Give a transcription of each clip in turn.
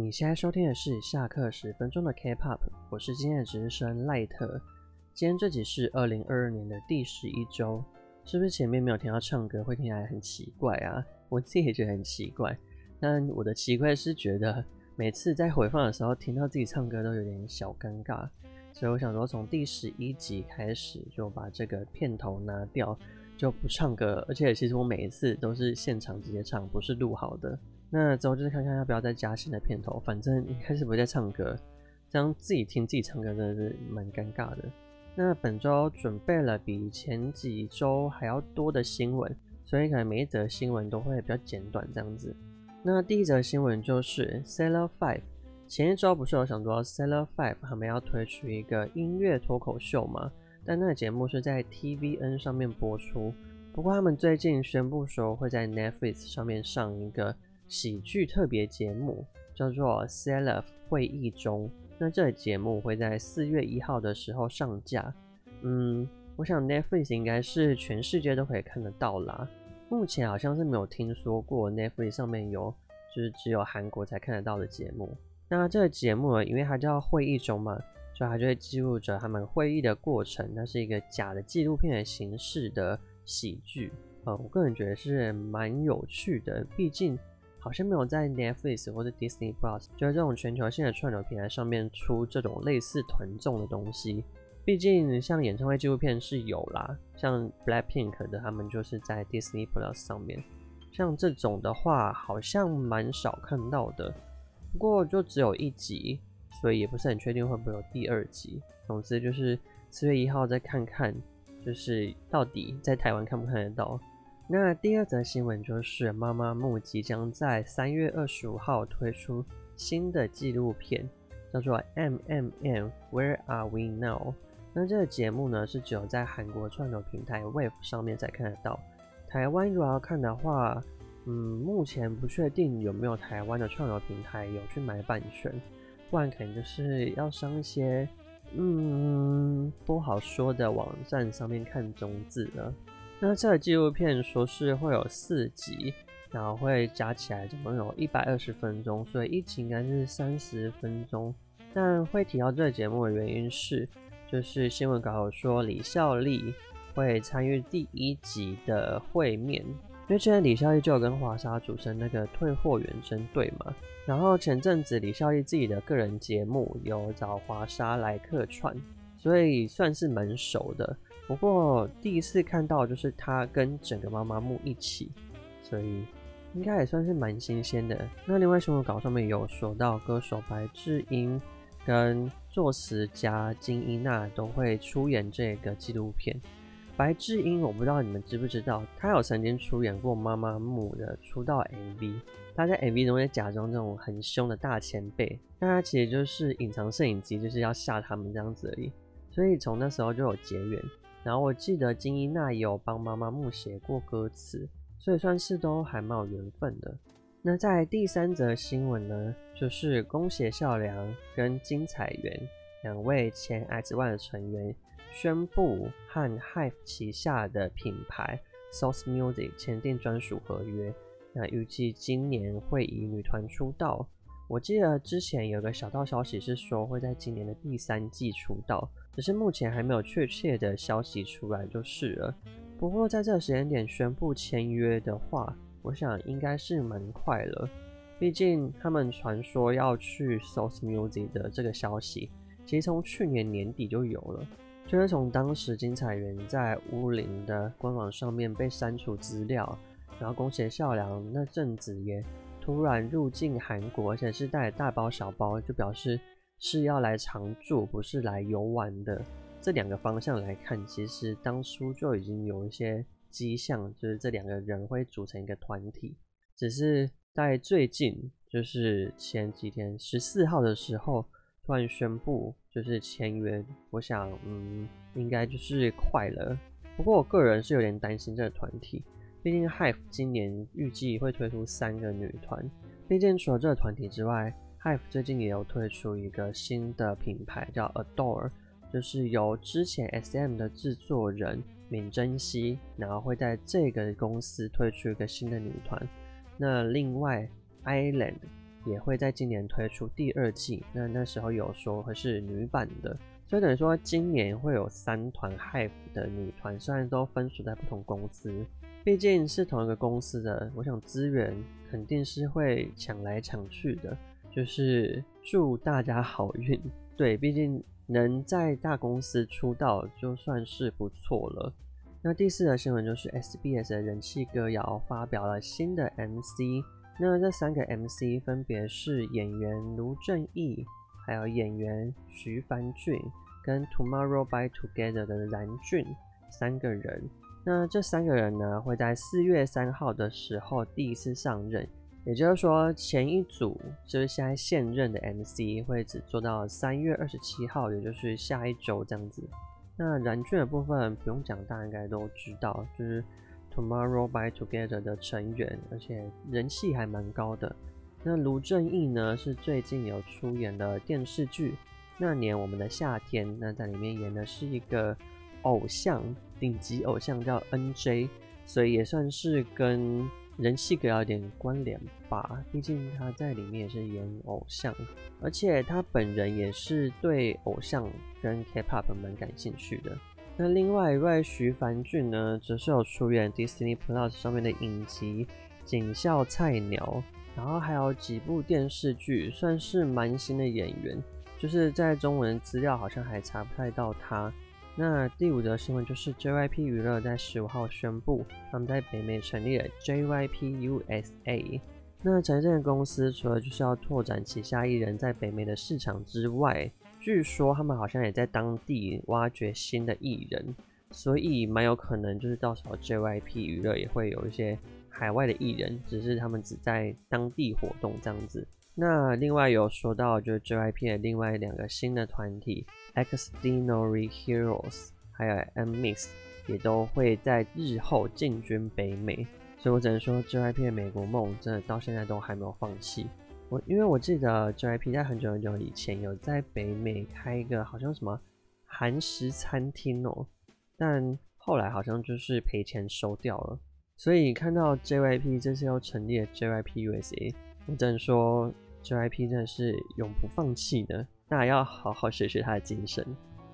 你現在收聽的是下課十分鐘的 K-pop，我是今天的主持人賴特。今天這集是二零二二年的第十一周，是不是前面沒有聽到唱歌會聽起來很奇怪啊？我自己也覺得很奇怪。但我的奇怪的是覺得每次在回放的時候聽到自己唱歌都有點小尷尬，所以我想說從第十一集開始就把這個片頭拿掉，就不唱歌。而且其實我每一次都是現場直接唱，不是錄好的。那之後就是看看要不要再加新的片頭，反正應該是不會再唱歌，這樣自己聽自己唱歌真的是蠻尷尬的。那本周準備了比前幾周還要多的新聞，所以可能每一則新聞都會比較簡短這樣子。那第一則新聞就是《Celeb Five》。前一周不是有想說《Celeb Five》他們要推出一個音樂脫口秀嗎？但那個節目是在 TVN 上面播出，不過他們最近宣布說會在 Netflix 上面上一個，喜劇特別節目叫做《Celeb Five 會議中》，那這個節目會在四月一號的時候上架。嗯，我想 Netflix 應該是全世界都可以看得到啦。目前好像是沒有聽說過 Netflix 上面有就是只有韓國才看得到的節目。那這個節目呢，因為它叫《會議中》嘛，所以它就會記錄着他們會議的過程。它是一個假的紀錄片的形式的喜劇。呃、嗯，我個人覺得是蠻有趣的，畢竟。好像沒有在 Netflix 或者 Disney Plus，就是這種全球性的串流平台上面出這種類似團綜的東西。畢竟像演唱會紀錄片是有啦，像 Blackpink 的他們就是在 Disney Plus 上面。像這種的話，好像蠻少看到的。不過就只有一集，所以也不是很確定會不會有第二集。總之就是四月一號再看看，就是到底在台灣看不看得到。那第二則新聞就是，媽媽木即將在三月二十五號推出新的紀錄片，叫做《M M M Where Are We Now》。那這個節目呢，是只有在韓國串流平台 Wave 上面才看得到。台灣如果要看的話，嗯，目前不確定有沒有台灣的串流平台有去買版權，不然可能就是要上一些嗯不好說的網站上面看中字了。那這個紀錄片說是會有四集，然後會加起來總共有一百二十分鐘，所以一集應該是三十分鐘。但會提到這個節目的原因是，就是新聞稿有說李孝利會參與第一集的會面，因為之前李孝利就有跟華莎組成那個退貨遠征隊嘛，然後前陣子李孝利自己的個人節目有找華莎來客串，所以算是蠻熟的。不過第一次看到就是他跟整個媽媽木一起，所以應該也算是蠻新鮮的。那另外新聞稿上面有說到，歌手白智英跟作詞家金英娜都會出演這個紀錄片。白智英我不知道你們知不知道，他有曾經出演過媽媽木的出道 MV，他在 MV 中也假裝這種很凶的大前輩，那他其實就是隱藏攝影機，就是要嚇他們這樣子而已。所以從那時候就有結緣。然後我記得金一娜有幫媽媽木寫過歌詞，所以算是都還蠻有緣分的。那在第三則新聞呢，就是宮脇咲良跟金采源兩位前 X1 的成員宣布和 HYBE 旗下的品牌 SOURCE MUSIC 簽訂專屬合約，那預計今年會以女團出道。我記得之前有個小道消息是說會在今年的第三季出道，只是目前還沒有確切的消息出來就是了。不過在這個時間點宣布簽約的話，我想應該是蠻快了。畢竟他們傳說要去 Source Music 的這個消息，其實從去年年底就有了，就是從當時金采源在烏林的官網上面被刪除資料，然後宮脇咲良那陣子也。突然入境韓國，而且是帶大包小包，就表示是要來常住，不是來遊玩的。這兩個方向來看，其實當初就已經有一些跡象，就是這兩個人會組成一個團體。只是在最近，就是前幾天十四號的時候，突然宣布就是簽約。我想，嗯，應該就是快了。不過我個人是有點擔心這個團體。畢竟，HYBE 今年預計會推出三個女團。畢竟，除了這個團體之外，HYBE 最近也有推出一個新的品牌，叫 Adore，就是由之前 SM 的製作人閔珍熙，然後會在這個公司推出一個新的女團。那另外，Island 也會在今年推出第二季。那那時候有說會是女版的，所以等於說今年會有三團 HYBE 的女團，雖然都分屬在不同公司。畢竟是同一個公司的，我想資源肯定是會搶來搶去的。就是祝大家好運，對，畢竟能在大公司出道就算是不錯了。那第四條新聞就是 SBS 的人氣歌謠發表了新的 MC。那這三個 MC 分別是演員盧正義，還有演員徐範俊跟 Tomorrow by Together 的演俊三個人。那這三個人呢，會在四月三號的時候第一次上任，也就是說前一組就是現在現任的 MC 會只做到三月二十七號，也就是下一周這樣子。那延俊的部分不用講，大家應該都知道，就是 Tomorrow by Together 的成員，而且人氣還蠻高的。那盧正義呢，是最近有出演的電視劇《那年我們的夏天》，那在裡面演的是一個偶像。頂級偶像叫 NJ，所以也算是跟人氣歌謠有點關聯吧。畢竟他在裡面也是演偶像，而且他本人也是對偶像跟 K-pop 蠻感興趣的。那另外一位徐凡俊呢，則是有出演 Disney Plus 上面的影集《警校菜鳥》，然後還有幾部電視劇，算是蠻新的演員。就是在中文資料好像還查不太到他。那第五則新聞就是 JYP 娛樂在十五號宣布，他們在北美成立了 JYP USA。那財政公司除了就是要拓展旗下藝人，在北美的市場之外，據說他們好像也在當地挖掘新的藝人，所以蠻有可能就是到時候 JYP 娛樂也會有一些海外的藝人，只是他們只在當地活動這樣子。那另外有說到，就是 JYP 的另外兩個新的團體 Xdinary Heroes 還有 NMIXX 也都會在日後進軍北美，所以我只能說 JYP 的美國夢真的到現在都還沒有放棄。我因為我記得 JYP 在很久很久以前有在北美開一個好像什麼韓食餐廳哦，但後來好像就是賠錢收掉了。所以看到 JYP 這次要成立了 JYP USA，我只能說。JYP 真的是永不放棄的，那要好好學學他的精神。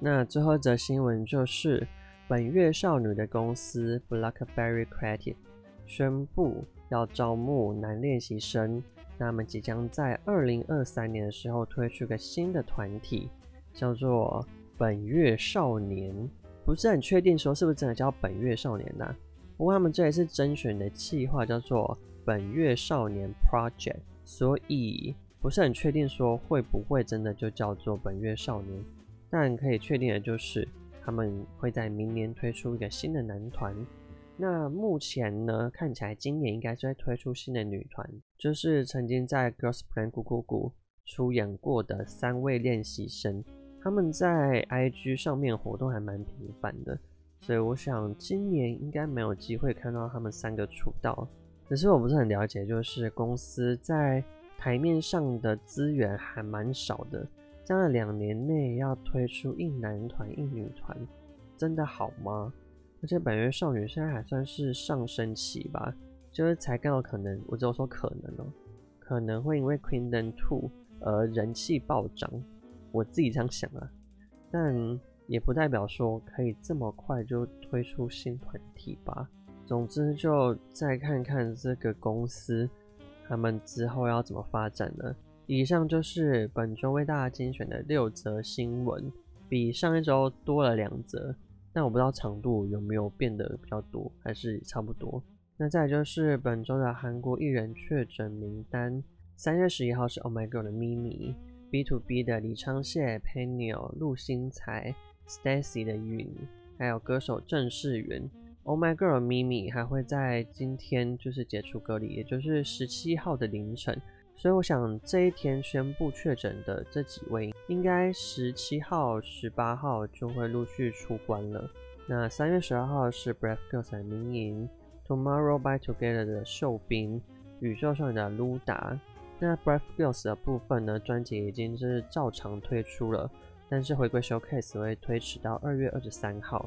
那最後一則新聞就是，本月少女的公司 Blockberry Creative 宣布要招募男練習生。那他們即將在二零二三年的時候推出個新的團體，叫做本月少年。不是很確定說是不是真的叫本月少年呢、啊？不過他們這一次甄選的計劃叫做本月少年 Project。所以不是很確定說會不會真的就叫做本月少年，但可以確定的就是他們會在明年推出一個新的男團。那目前呢，看起來今年應該是會推出新的女團，就是曾經在 Girls Planet 999出演過的三位練習生，他們在 IG 上面活動還蠻頻繁的，所以我想今年應該沒有機會看到他們三個出道。只是我不是很了解，就是公司在台面上的資源還蠻少的。將來兩年內要推出一男團一女團，真的好嗎？而且本月少女現在還算是上升期吧，就是才剛有可能，我只有說可能哦、喔，可能會因為 Queendom 2而人氣暴漲，我自己這樣想啊，但也不代表說可以這麼快就推出新團體吧。總之，就再看看這個公司，他們之後要怎麼發展呢？以上就是本周為大家精選的六則新聞，比上一周多了兩則。但我不知道長度有沒有變得比較多，還是差不多。那再來就是本周的韓國藝人確診名單，三月十一號是 Oh My Girl 的 Mimi、BTOB 的李昌燮、PENIEL、陸星材、Stacy 的允，還有歌手鄭世云。Oh my girl Mimi 還會在今天就是解除隔離，也就是十七號的凌晨。所以我想這一天宣布確診的這幾位，應該十七號、十八號就會陸續出關了。那三月十二號是 Brave Girls 的民營，Tomorrow by Together 的秀彬，宇宙少女的 Luda。那 Brave Girls 的部分呢，專輯已經是照常推出了，但是回歸 Showcase 會推遲到二月二十三號。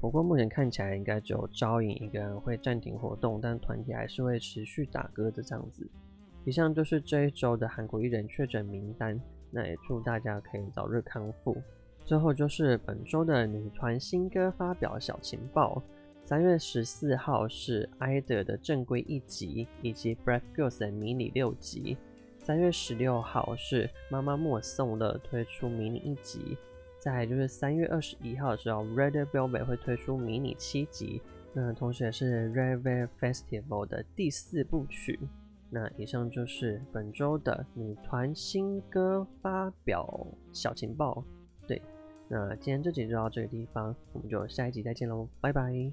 不過目前看起來應該只有招穎一個人會暫停活動，但團體還是會持續打歌的這樣子。以上就是這一周的韓國藝人確診名單，那也祝大家可以早日康復。最後就是本周的女團新歌發表小情報：三月十四號是 i d e r 的正規一集，以及 b e a t k Girls 的迷你六集。三月十六號是媽媽默送的推出迷你一集。再來就是三月二十一號的時候，Red Velvet 會推出迷你七輯，那同時也是 Red Velvet Festival 的第四部曲。那以上就是本周的女團新歌發表小情報。對，那今天這集就到這個地方，我們就下一集再見嘍，拜拜。